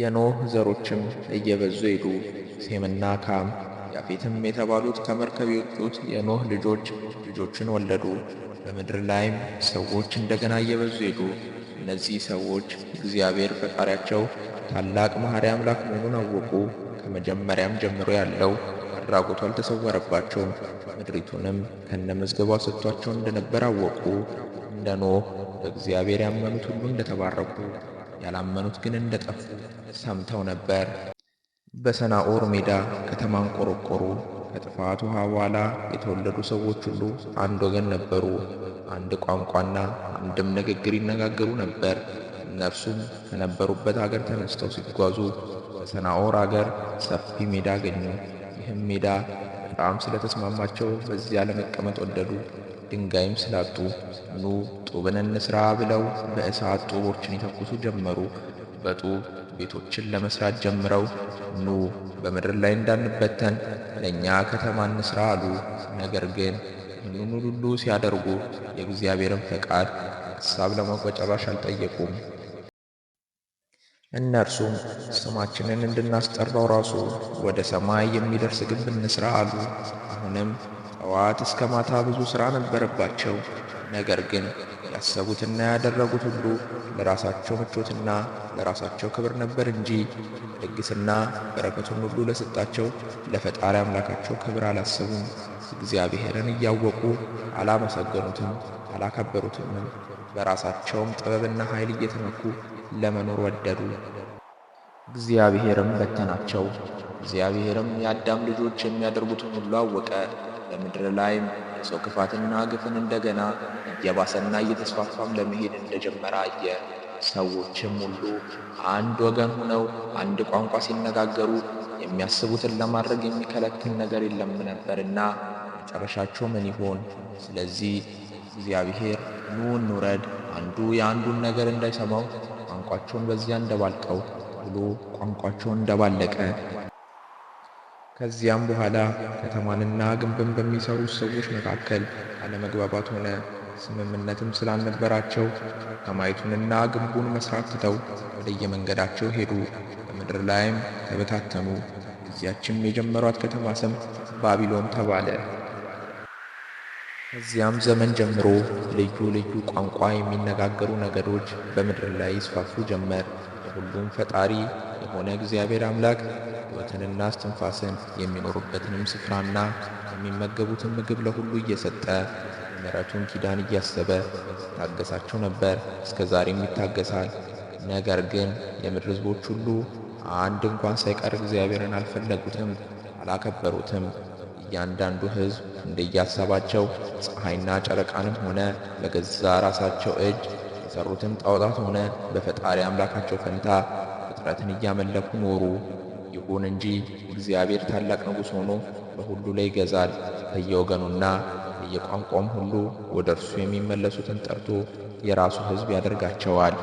የኖህ ዘሮችም እየበዙ ሄዱ። ሴምና ካም ያፌትም የተባሉት ከመርከብ የወጡት የኖህ ልጆች ልጆችን ወለዱ። በምድር ላይም ሰዎች እንደገና እየበዙ ሄዱ። እነዚህ ሰዎች እግዚአብሔር ፈጣሪያቸው ታላቅ መሐሪ አምላክ መሆኑን አወቁ። ከመጀመሪያም ጀምሮ ያለው አድራጎቱ አልተሰወረባቸውም። ምድሪቱንም ከነመዝገቧ ሰጥቷቸው እንደነበር አወቁ። እንደ ኖህ በእግዚአብሔር ያመኑት ሁሉ እንደተባረኩ ያላመኑት ግን እንደጠፉ ሰምተው ነበር። በሰናኦር ሜዳ ከተማን ቆረቆሩ። ከጥፋት ውሃ በኋላ የተወለዱ ሰዎች ሁሉ አንድ ወገን ነበሩ። አንድ ቋንቋና አንድም ንግግር ይነጋገሩ ነበር። እነርሱም ከነበሩበት አገር ተነስተው ሲጓዙ በሰናኦር አገር ሰፊ ሜዳ አገኙ። ይህም ሜዳ በጣም ስለተስማማቸው በዚያ ለመቀመጥ ወደዱ። ድንጋይም ስላጡ ኑ ጡብን እንስራ ብለው በእሳት ጡቦችን የተኩሱ ጀመሩ። በጡብ ቤቶችን ለመስራት ጀምረው ኑ በምድር ላይ እንዳንበተን ለእኛ ከተማ እንስራ አሉ። ነገር ግን ምኑን ሁሉ ሲያደርጉ የእግዚአብሔርን ፈቃድ ሀሳብ ለመቆጨባሽ አልጠየቁም። እነርሱም ስማችንን እንድናስጠራው ራሱ ወደ ሰማይ የሚደርስ ግንብ እንስራ አሉ። አሁንም ጠዋት እስከ ማታ ብዙ ሥራ ነበረባቸው። ነገር ግን ያሰቡትና ያደረጉት ሁሉ ለራሳቸው ምቾትና ለራሳቸው ክብር ነበር እንጂ ልግስና በረከቱን ሁሉ ለሰጣቸው ለፈጣሪ አምላካቸው ክብር አላሰቡም። እግዚአብሔርን እያወቁ አላመሰገኑትም፣ አላከበሩትም። በራሳቸውም ጥበብና ኃይል እየተመኩ ለመኖር ወደዱ። እግዚአብሔርም በተናቸው። እግዚአብሔርም የአዳም ልጆች የሚያደርጉትን ሁሉ አወቀ። በምድር ላይም የሰው ክፋትና ግፍን እንደገና እየባሰና እየተስፋፋም ለመሄድ እንደጀመረ አየ። ሰዎችም ሁሉ አንድ ወገን ሆነው አንድ ቋንቋ ሲነጋገሩ የሚያስቡትን ለማድረግ የሚከለክል ነገር የለም ነበርና መጨረሻቸው ምን ይሆን? ስለዚህ እግዚአብሔር ኑ እንውረድ፣ አንዱ የአንዱን ነገር እንዳይሰማው ቋንቋቸውን በዚያ እንደባልቀው ብሎ ቋንቋቸውን እንደባለቀ ከዚያም በኋላ ከተማንና ግንብን በሚሰሩ ሰዎች መካከል አለመግባባት ሆነ። ስምምነትም ስላልነበራቸው ከተማይቱንና ግንቡን መስራት ትተው ወደየመንገዳቸው ሄዱ፣ በምድር ላይም ተበታተኑ። እዚያችም የጀመሯት ከተማ ስም ባቢሎን ተባለ። ከዚያም ዘመን ጀምሮ ልዩ ልዩ ቋንቋ የሚነጋገሩ ነገዶች በምድር ላይ ይስፋፉ ጀመር። የሁሉም ፈጣሪ የሆነ እግዚአብሔር አምላክ ሕይወትንና እስትንፋስን የሚኖሩበትንም ስፍራና የሚመገቡትን ምግብ ለሁሉ እየሰጠ ምሕረቱን ኪዳን እያሰበ ታገሳቸው ነበር፣ እስከ ዛሬም ይታገሳል። ነገር ግን የምድር ሕዝቦች ሁሉ አንድ እንኳን ሳይቀር እግዚአብሔርን አልፈለጉትም፣ አላከበሩትም። እያንዳንዱ ሕዝብ እንደየሀሳባቸው ፀሐይና ጨረቃንም ሆነ በገዛ ራሳቸው እጅ የሰሩትም ጣዖታት ሆነ በፈጣሪ አምላካቸው ፈንታ ፍጥረትን እያመለኩ ኖሩ። ይሁን እንጂ እግዚአብሔር ታላቅ ንጉሥ ሆኖ በሁሉ ላይ ይገዛል። በየወገኑና በየቋንቋውም ሁሉ ወደ እርሱ የሚመለሱትን ጠርቶ የራሱ ሕዝብ ያደርጋቸዋል።